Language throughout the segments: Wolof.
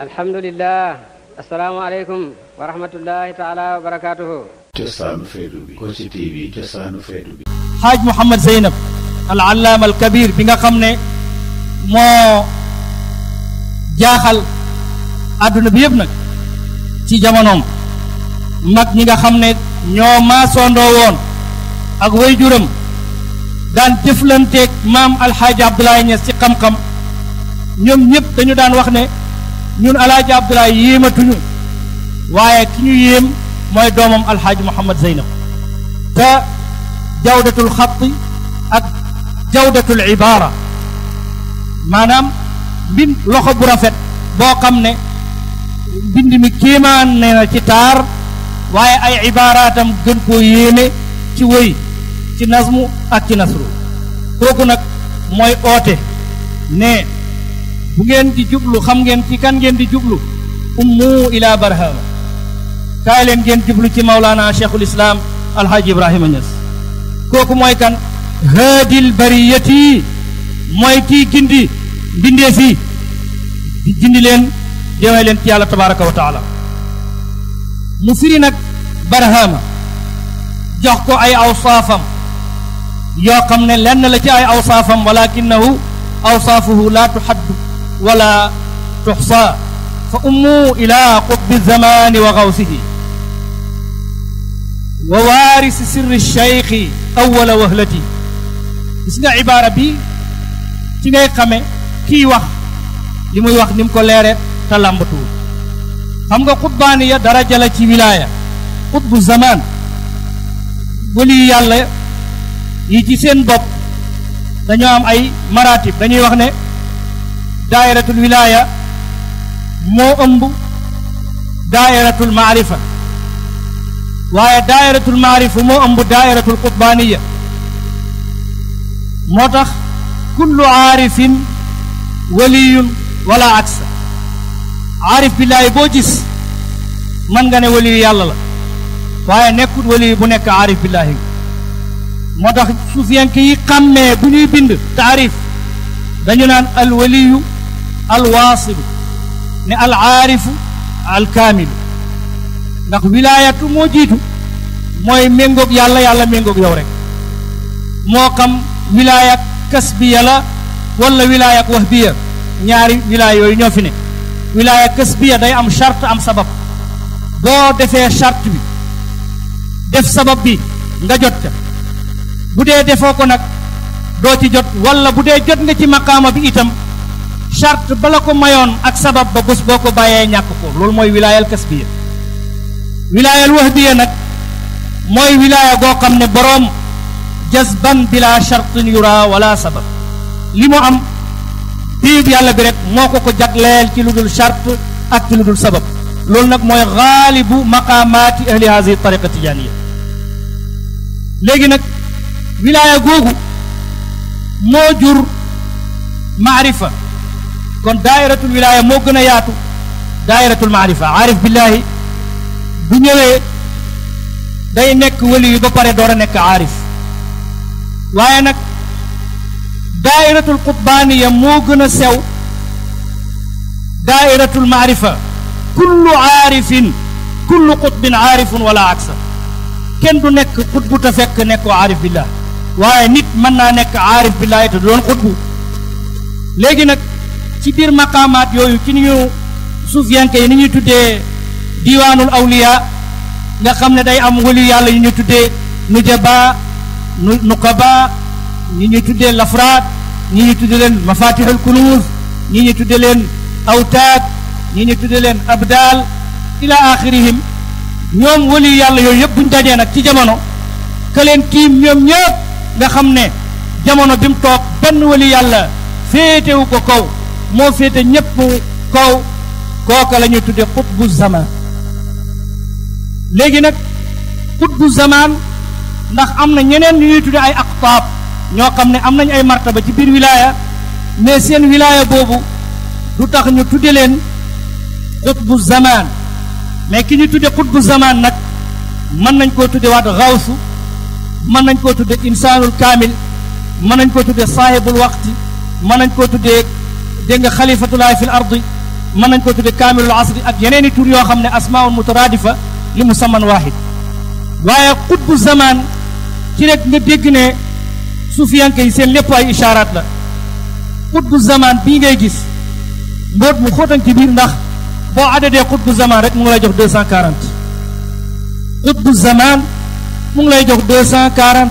alhamdulilah asalaamaaleykum wa rahmatullahi taala wa bi xaaj Mouhamad Zeynab al allaama al bi nga xam ne moo jaaxal àdduna bi yëpp nag ci jamonoom mag ñi nga xam ne ñoo maasoondoo woon ak weyjuram daan jëflanteeg maam alxaaji Abdoulaye Niass ci xam-xam ñoom ñëpp dañu daan wax ne ñun alaaji Abdoulaye yéematuñu waaye ki ñu yéem mooy doomam alxaaji Mouhamad Zeynab te jawdatul xatti ak jawdatul ibaara maanaam mbind loxo bu rafet boo xam ne mbind mi kéemaan ne na ci taar waaye ay ibaaraatam gën koo yéeme ci wëy ci nasmu ak ci nasru kooku nag mooy oote ne bu ngeen di jublu xam ngeen ci kan ngeen di jublu ummu ila barhama kaay leen ngeen jublu ci mawlaana cheikhul islaam alhaaji ibrahima ñas kooku mooy kan haadil bariyati mooy kii gindi mbindee fii di gindi leen demee leen ci yàlla tabaraka wa taala mu firi nag barhama jox ko ay awsaafam yoo xam ne lenn la ci ay awsaafam walakinahu awsaafuhu laa tuhaddu ولا تحصى فأموا إلى قطب الزمان وغوثه ووارث سر الشيخ أول وهلتي gis nga ibaara bi ci ngay xame kiy wax li muy wax ni mu ko leere te xam nga xutbaani ya daraja la ci wilaaya xutbu zamaan wali yàlla yi ci seen bopp dañoo am ay maratib dañuy wax ne daayiratul wilaaya moo ëmb daayiratul maarifa waaye daayiratul maarifa moo ëmb tax kullu aarifin waliyun wala aksa aarif billaahi boo gis mën nga ne waliyu yàlla la waaye nekkul waliyu bu nekk aarif billaahi moo tax sufiyanke yi xàmmee bu ñuy bind taarif dañu naan al waliyu alwaasilu ne alaarifu alkaamilu ndax wilaayatu moo jiitu mooy méngoog yàlla yàlla méngoog yow rek moo kam wilaayak kasbiya la walla wilaayak wahbiya ñaari wilaaya yooyu ñoo fi ne wilaaya kasbiya day am charte am sabab boo defee charte bi def sabab bi nga jot ca bu dee defoo ko nag doo ci jot wala bu dee jot nga ci maqaama bi itam charte ba ko mayoon ak sabab ba bés boo ko bàyyee ñàkk ko loolu mooy wilaayal kasbiya wilaayal wahdiya nag mooy wilaaya goo xam ne boroom jazban bila chartin yura wala sabab li mu am biib yàlla bi moo ko ko jagleel ci lu dul ak ci lu sabab loolu nag mooy xaalibu maqaamaati ahli hazihi tariqa tijaaniya léegi nag wilaaya googu moo jur maarifa kon daayiratul wilaaya moo gën a yaatu daayiratul maarifa aarif billaahi bu ñëwee day nekk wali yu ba pare door a nekk aarif waaye nag daayiratul qutbaaniya moo gën a sew daayiratul marifa kullu aarifin kullu qutbin aarifun wala aksa kenn du nekk xutbu te fekk nekkoo aarif nit mën naa nekk aarif billahi te doon xutbu léegi nag ci biir maqaamaat yooyu ci ni ñu suufiyanke yi ni ñuy tuddee diwaanul awliya nga xam ne day am wëlu yàlla yu ñuy tuddee nujaba nu nukaba ñi ñuy tuddee lafraat ñi ñuy tuddee leen mafatihul kunuuz ñi ñuy tuddee leen awtaat ñu ñuy tuddee leen abdaal ila axirihim ñoom wëlu yàlla yooyu yëpp buñ dajee nag ci jamono ka leen ñoom ñëpp nga xam ne jamono bi mu toog benn wëlu yàlla féetewu ko kaw moo féete ñépp kaw kooka la ñuy tudde xutbu zamaan léegi nag xutbu zamaan ndax am na ñeneen ñu ñuy tudde ay aqtaab ñoo xam ne am nañ ay martaba ci biir wilaaya mais seen wilaaya boobu du tax ñu tudde leen xutbu zamaan mais ki ñu tudde xutbu zamaan nag mën nañ koo tudde waat mën nañ koo tudde insaanul kaamil mën nañ koo tudde saahibul waxti mën nañ koo tuddee دينغ خليفة الله في الأرض من أنكو تبي كامل العصر أك ينيني توريو خمنا أسماء مترادفة لمسمى واحد وايا قد الزمان تريد ندقنا سوفيان كيسين لبوا إشارات لا قد الزمان بيغي جيس مورد مخوطن كبير نخ بو عدد قد الزمان رك مولا جوخ 240 قد الزمان مولا جوخ 240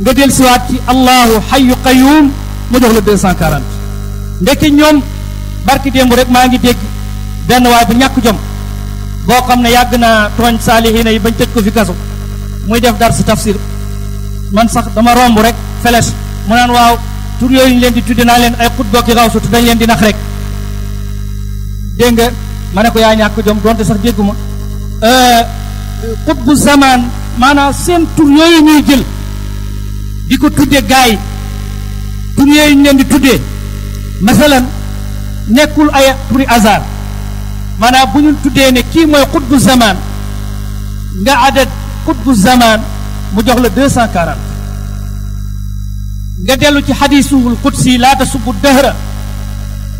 نجل سواتي الله حي قيوم مجوخ 240 ndekki ñoom barki démb rek maa ngi dégg benn waay bu ñàkk jom boo xam ne yàgg naa tooñ saalihiina yi bañ tëj ko fi kaso muy def dar si tafsir man sax dama romb rek feles mu naan waaw tur yooyu ñu leen di tuddee naa leen ay xut bokki raw sutu dañ leen di nax rek dégg nga ma ne ko yaa ñàkk jom donte sax dégguma euh, xut bu zamaan maanaam seen tur yooyu ñuy jël di ko tudde gaay tur yooyu ñu leen di tuddee masalan nekkul ay pour hasard maanaam bu ñu tuddee ne kii mooy xutbu zamaan nga adat xutbu zamaan mu jox la deux cent quarante nga dellu ci xadiisuhul qudsi laa tasubbu dëhra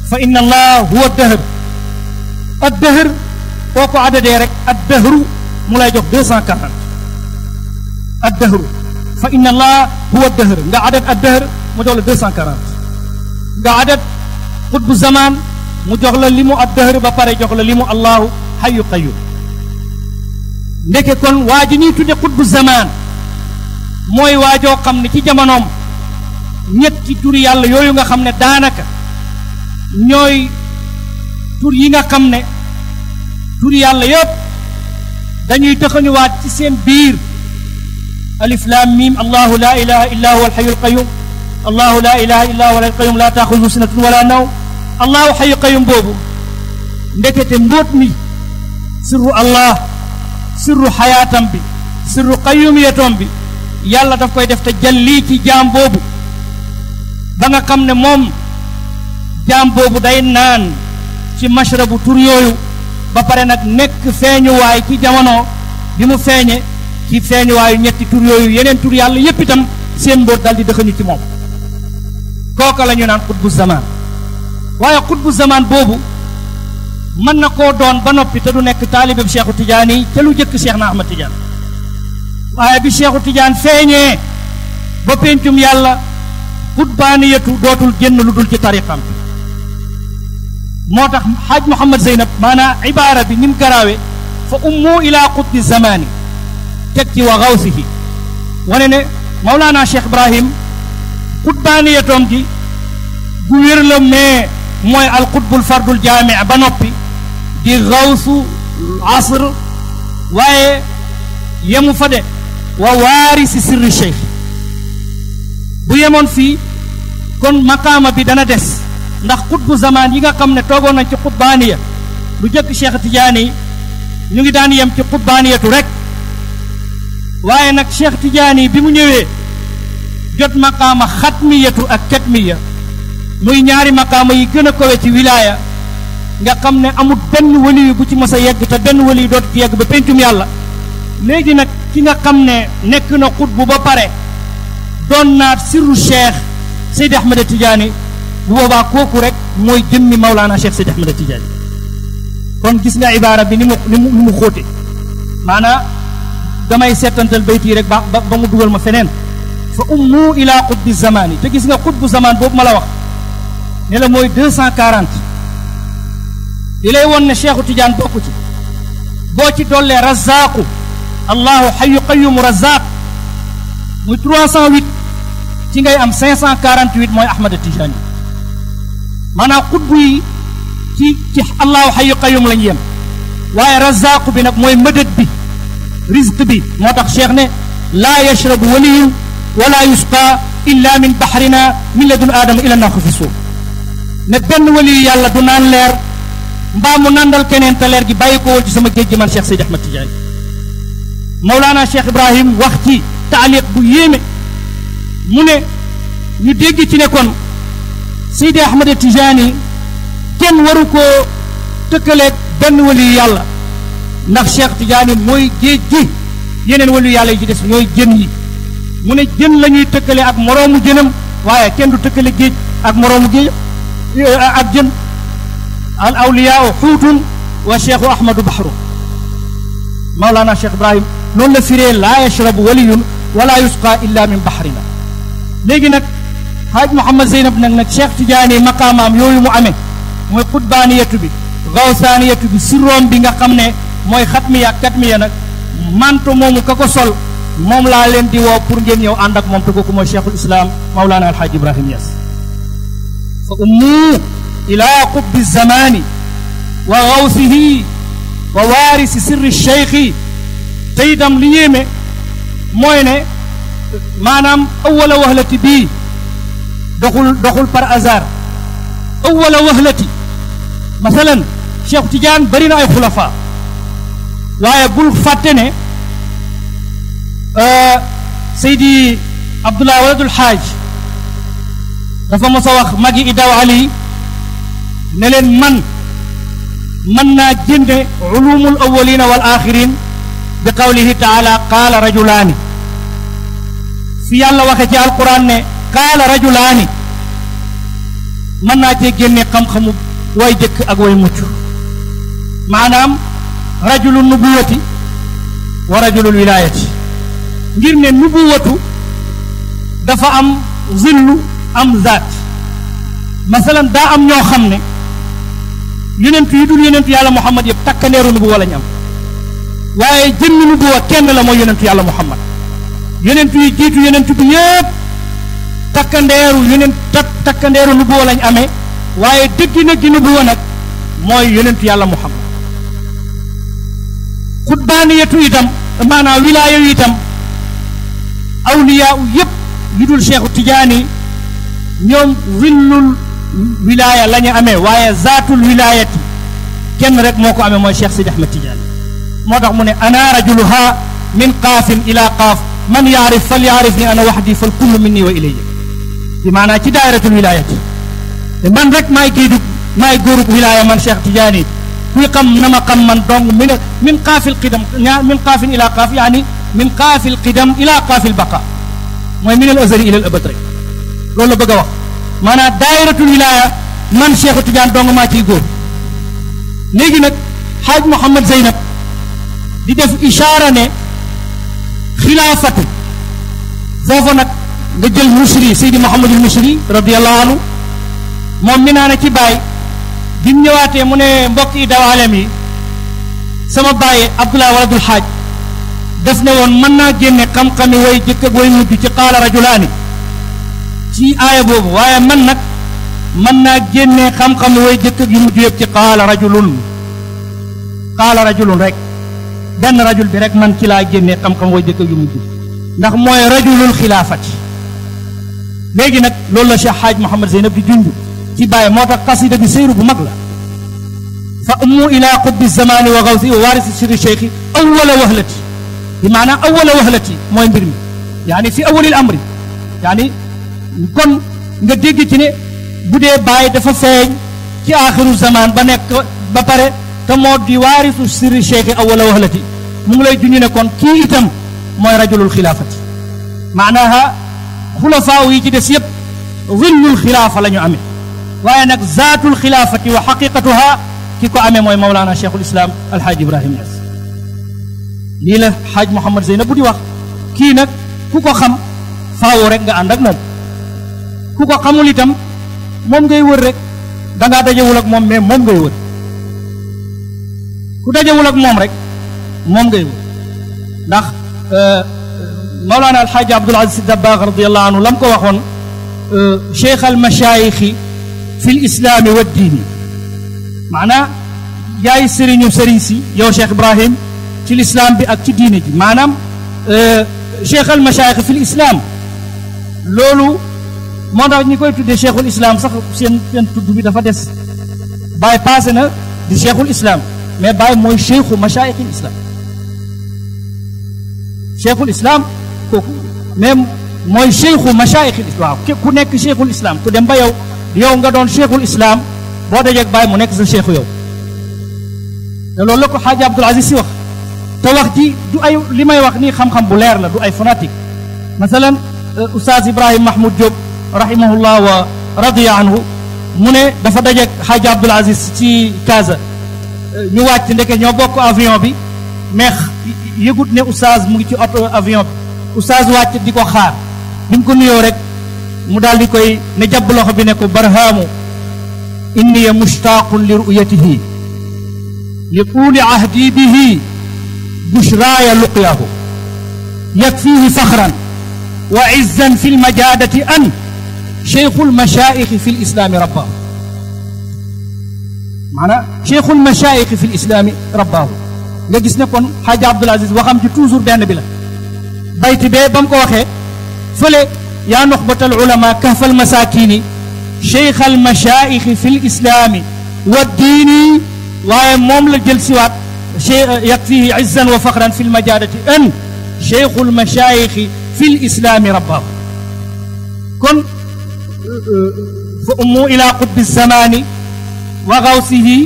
fa inna allah huwa dëhër ad dëhër boo ko adadee rek ad dëhru mu lay jox deux cent quarante ad dëhru fa inna allah huwa dëhër nga adat ad dëhër mu jox la deux nga adat xutbu zamaan mu jox la li mu ad ba pare jox la li mu allahu xayu qayum ndeke kon waa ji ñuy tudde xutbu zamaan mooy waajoo xam ne ci jamonoom ñetti tur yàlla yooyu nga xam ne daanaka ñooy tur yi nga xam ne tur yàlla yëpp dañuy tëxañuwaat ci seen biir alif laam miim allahu laa ilaha illa huwa alxayu alqayum allahu laa ilaha illa wala qayyum laa taaxudu sinatun wala naw allahu xayu qayyum boobu ndekete mbóot mi sirru allah sirru xayaatam bi sirru qayyumiyatoom bi yàlla daf koy def te jallii ci jaam boobu ba nga xam ne moom jaam boobu day naan ci mashrabu tur yooyu ba pare nag nekk feeñuwaay ci jamono bi mu feeñe ci feeñuwaayu ñetti tur yooyu yeneen tur yàlla yépp itam seen mbóot dal di dëxañu ci moom kooka la ñu naan xutbu zamaan waaye xutbu zamaan boobu mën na koo doon ba noppi te du nekk taalibeb Cheikhu Tidiane yi te lu jëkk Cheikh na Ahmad Tidiane waaye bi Cheikhu Tidiane feeñee ba péncum yàlla xutbaaniyatu dootul génn lu dul ci tariqam moo tax xaaj Mouhamad Zeynab maanaam bi ni mu fa ummu ilaa qutbi zamaani teg wa gawsihi wane ne Mawlaana Cheikh Kut gi gu wér la mais al qutbul fardul jaamee ba noppi di gawsu asr waaye yemu fa de wa waris sirri cheikh bu yemoon fi kon maqaama bi dana des ndax qutbu zamaan yi nga xam ne toogoon nañ ci qutbaaniya lu jëkk cheikh tijaani ñu ngi daan yem ci rek waaye nak cheikh tijaani bi mu jot maqaama xatmiyatu ak katmiya muy ñaari maqaama yi gën a kowe ci wilaaya nga xam ne amul benn waliyu bu ci mës a yegg te benn waliyu dootu ci yegg ba péncum yàlla léegi nag ki nga xam ne nekk na bu ba pare doon naat sirru cheikh Seydi Ahmada Tidiane bu boobaa kooku rek mooy jëmmi Mawlaana Cheikh Seydi Ahmada Tidiane kon gis nga ibaara bi ni mu ni mu ni mu xóote maanaa damay seetantal bayt yi rek ba ba mu dugal ma feneen fa ummu ila xutbi zamani te gis nga xutbu zamaan boobu ma la wax ne mooy de cent quarante li lay woon ne Cheikhu Tidiane bokku ci boo ci dollee razaqu allahu xayu qayumu razaq muy trois ci ngay am cinq cent quarante huit mooy Ahmada Tidiane maanaam xutbu yi ci ci allahu xayu qayum lañ yem waaye razaqu bi nag mooy mëdët bi risque bi moo tax cheikh ne laa yashrabu waliyun wala yusqa illa min bahrina min ladun aadama ila naa ko fi suuf ne benn waliyu yàlla du naan leer mbaa mu nandal keneen te gi bàyyi ko woon ci sama géej gi man Cheikh Seydi Ahmad Tidiane Mawlaana Cheikh Ibrahim wax ci taaliq bu yéeme mu ne ñu dégg ci ne kon Seydi Ahmad Tidiane kenn waru koo tëkkaleeg benn waliyu yàlla ndax Cheikh Tidiane mooy géej gi yeneen waliyu yàlla yi ci des ñooy jën mu ne jën la ñuy tëkkale ak moroomu jënam waaye kenn du tëkkale géej ak moroomu géej ak jën al awliyaa xuutun wa cheikhu ahmadu baxru maolana cheikh ibrahim noonu la firee laa yashrab waliyun wala yusqa illa min baxrina léegi nag xaaj mouhamad zeynab nag nag cheikh tidiane maqaamaam yooyu mu amee mooy xutbaaniyatu bi gawsaaniyatu bi sirroom bi nga xam ne mooy xatmiya ak katmiya nag manto moomu ka ko sol moom laa leen di woo pour ngeen ñëw ànd ak moom te kooku mooy cheikhul islam maulana ibrahim Niass fa ummu ilaa qubbi zamani wa gawsihi wa waarisi sirri cheikhi te itam li mooy ne maanaam awala waxlati bii doxul doxul par hasard awala waxlati masalan cheikh Tidiane bëri na ay xulafa waaye bul fàtte ne آه، سيدي عبد الله ولد الحاج دافا مسا واخ ماغي اداو علي نلن من منا جند علوم الاولين والاخرين بقوله تعالى قال رجلان في الله واخ جي القران قال رجلان منا تي ген خم خم واي ديك اك واي موتو معنام رجل النبوه ورجل الولايه ngir ne nubuwatu dafa am zillu am zaat masalan daa am ñoo xam ne yonent yi dul yonent yàlla muhammad yëpp takkandeeru nubuwa lañ am waaye jëmmi nubuwa kenn la mooy yonentu yàlla muhammad yonent yi jiitu yonent bi yëpp takkandeeru yonent takkandeeru nubuwa lañ amee waaye dëggi nag gi nubuwa nag mooy yonentu yàlla muhammad xutbaaniyatu itam maanaam wilaayu itam awliya u yëpp yu dul cheikhu tijaani ñoom zillul wilaya la ñu amee waaye zaatul wilayati kenn rek moo ko amee mooy cheikh sidi ahmad tijaani moo tax mu ne ana rajuluha min qaafin ila qaaf man yaarif fal yaarif ni ana waxdi fal kullu minni wa ilayya bi maanaa ci daayratul wilayati te man rek maay géydug maay góorub wilaya man cheikh tijaani kuy xam na ma xam man dong min min qaafil qidam min qaafin ila qaaf yaani من قاف القدم الى قاف البقاء موي من الازري الى الابطري لولا بغا واخ مانا دائره الولايه من شيخ تيجان دونغ ما تي غور نيجي نك حاج محمد زينب دي ديف اشاره ني خلافه فوفو نك nga jël musri sidi mohammed musri radiyallahu anhu mom minana ci bay bim ñewate mu ne mbokk yi dawalem yi sama baye abdullah waladul hajj def ne woon mën naa génne xam-xami way jëkk ak way mujj ci qaala rajulaani ci aaya boobu waaye man nag mën naa génne xam-xami way jëkk ak yu mujj yëpp ci qaala rajulun qaala rajulun rek benn rajul bi rek man ci laa génne xam-xam way jëkk ak yu mujj ndax mooy rajulul xilaafati léegi nag loolu la Cheikh Haaj Mouhamad Zeynab di junj ci bàyyi moo tax xasida bi séyru bu mag la fa ummu ila bi zamani wa gawsi wa waarisi sirri cheikhi awwala wahlati بمعنى أول وهلة mooy mbir mi yaani fi awalil amri yaani kon nga dégg ci ne bu dee bàyyi dafa feeñ ci aaxiru zamaan ba nekk ba pare te moo di waarisu sirri cheikhi awala wahlati mu ngi lay junñu ne kon kii itam mooy rajulul xilaafati maanaaha xulafaaw yi ci des yëpp zillul xilaafa la ñu amee waaye nag zaatul xilaafati wa xaqiqatuha ki ko amee mooy mawlaana cheikhul islam alhaaji ibrahim ñas lii la xaaj Mouhamad Zeynab bu di wax kii nag ku ko xam faawoo rek nga ànd ak moom ku ko xamul itam moom ngay wër rek dangaa dajewul ak moom mais moom ngay wër ku dajewul ak moom rek moom ngay wër ndax euh, Mawlana alxaaji Abdul Aziz Dabbaax radiallahu anhu lam ko waxoon euh, cheikh al machaayixi fi l islaami wa diini maanaa yaay sëriñu sëriñ si yow Cheikh Ibrahim ci lislaam bi ak ci diine ji maanaam euh, cheikh al machaayix fi lislaam loolu moo tax ñi koy tuddee cheikhul islam sax seen seen bi dafa des Baay passé na di cheikhul islam mais Baay mooy cheikhu machaayixil islam cheikhul islam kooku ku nekk cheikhul islam ku dem ba yow yow nga doon cheikhul islam boo dajeeg Baay mu nekk sa cheikhu yow te loolu la ko Abdul Aziz si wax te wax ji du ay li may wax nii xam-xam bu leer la du ay fanatique masalan euh, oustaz Ibrahim Mahmoud Diop rahimahullah wa radiya anhu mu ne dafa dajeeg xaaji Abdul Aziz ci Casa euh, ñu wàcc ndeke ñoo bokk avion bi mais yëgut ne oustaz mu ngi ci oto euh, avion bi oustaz wàcc di ko xaar bi mu ko nuyoo rek mu daal di koy ne jàpp loxo bi ne ko barhaamu inni mushtaaqun li ru'yatihi li tuuli ahdi bihi بشراي لقياه يكفيه فخرا وعزا في المجادة أن شيخ المشائخ في الإسلام رباه معنى شيخ المشائخ في الإسلام رباه لجس نكون حاج عبد العزيز وخم جي توزور بيان بلا بيت بي بام فلي يا نخبة العلماء كهف المساكين شيخ المشائخ في الإسلام والديني وهي موم لجلسوات يكفيه عزا وفخرا في المجالة أن شيخ المشايخ في الإسلام رباه كن فأم إلى قطب الزمان وغوثه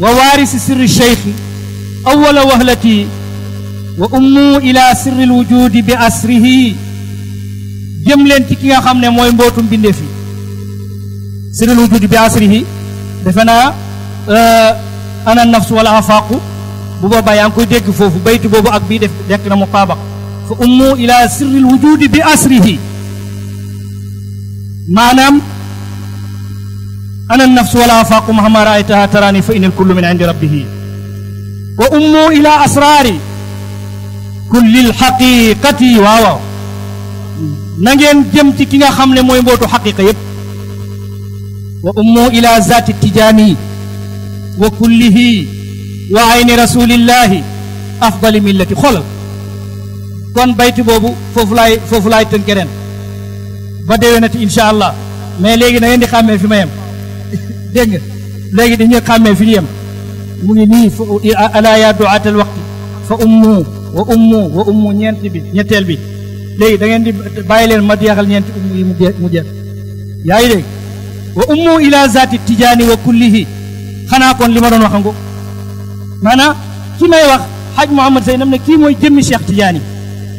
ووارث سر الشيخ أول وهلتي وأم إلى سر الوجود بأسره جملة تكيا خمنا موين بوتن xam سر الوجود بأسره bindeef أنا النفس والآفاق bu boba yang koy dégg fofu baytu bobu ak bi def dekk na muqaabaqa fa ummu ila sirri alwujud bi asrihi manam ana an-nafs wala afaaqu mahma raaytaha tarani fa inal kullu min indi rabbih wa ummu ila asrari kulli lxaqiqati waaw na ngeen jëm ci ki nga xam ne mooy mbootu xaqiqa yépp wa ummu ila zaati tijaani wa kullihi وعين رسول الله افضل ملتي خول كون بيت بوبو فوفلاي فوفلاي تنكرن با ديونات ان شاء الله مي ليغي نين دي خامي في ميم دنگ ليغي دي ني خامي في يم موني ني على يا دعاه الوقت فامو وامو وامو نينت بي نيتل بي لي دا نين دي باي لين ما ديخال نينت امو مو جير ياي دي وامو الى ذات التجاني وكله خنا كون لي ما دون واخانغو maanaam ki may wax xaj Mouhamad Zeynab ne kii mooy jëmmi Cheikh Tidiane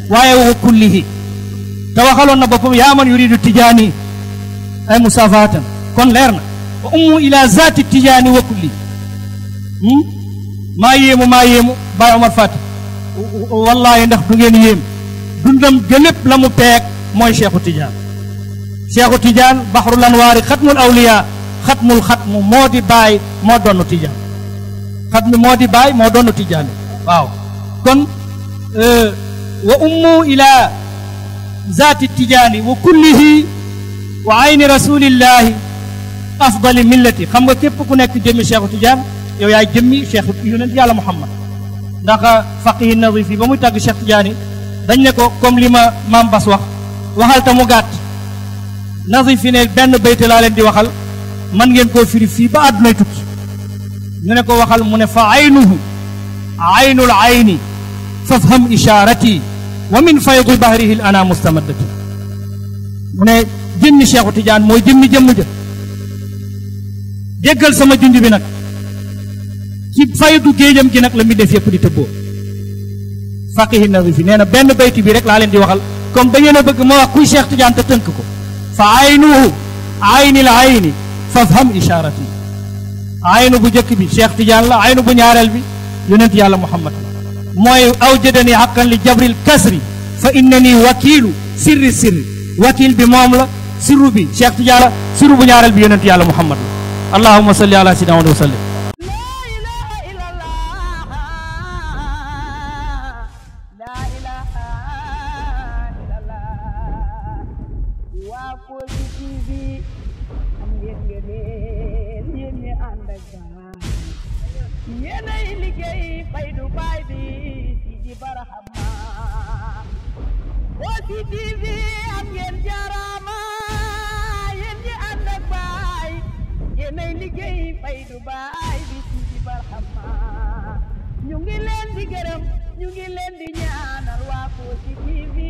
waaye wa kullihi te waxaloon na boppam yaa man yuridu Tidiane ay musafaatan kon leer na wa ummu ila zaati Tidiane wa kulli hmm? maa yéemu maa yéemu Baye Omar Fati wallaahi ndax du ngeen yéem dundam gëlépp la mu peeg mooy Cheikhu Tidiane Cheikhu Tidiane baxrul anwaari xatmul awliya xatmul xatmu moo di bàyyi moo doon Tidiane xam ne moo di baay moo doon tijaani waaw kon wa ummu ila zaati tijaani wa kullihi wa ayni rasulillahi afdali millati xam nga képp ku nekk jëmmi cheikhu tidiane yow yaay jëmmi cheikh yonent yàlla muhammad ndax faqihi nadif yi ba muy tàgg cheikh tidiane dañ ne ko comme li ma maam bas wax waxal ta mu gàtt nadif yi ne benn bayte laa leen di waxal man ngeen koo firi fii ba àddunay tukki نكو وخال من فعينه عين العين ففهم إشارتي ومن فيض بحره الأنا مستمدة من جن شيخ تجان موي جن جم جم جيغل سما جند بي نك كي فيض جيجم كي نك لمي ديف يپ دي تبو فقيه النظيف نينا بن بيتي بي رك لا لين دي وخال كوم بنينا بك ما كوي شيخ تجان تتنك كو فعينه عين العين ففهم إشارتي aynu bu jëkk bi cheikh tidiane la aynu bu ñaareel bi yonent yàlla muhammad mooy awjadani xaqan li jabril kasri fa innani wakiilu sirri sirri wakiil bi moom la sirru bi cheikh tidiane sirru bu ñaareel bi yonent yàlla muhammad la allahuma salli ala sidina wa sallim ñi ànd ak ñu ngi leen di gërëm ñu ngi leen di ñaanal waa Kossy TV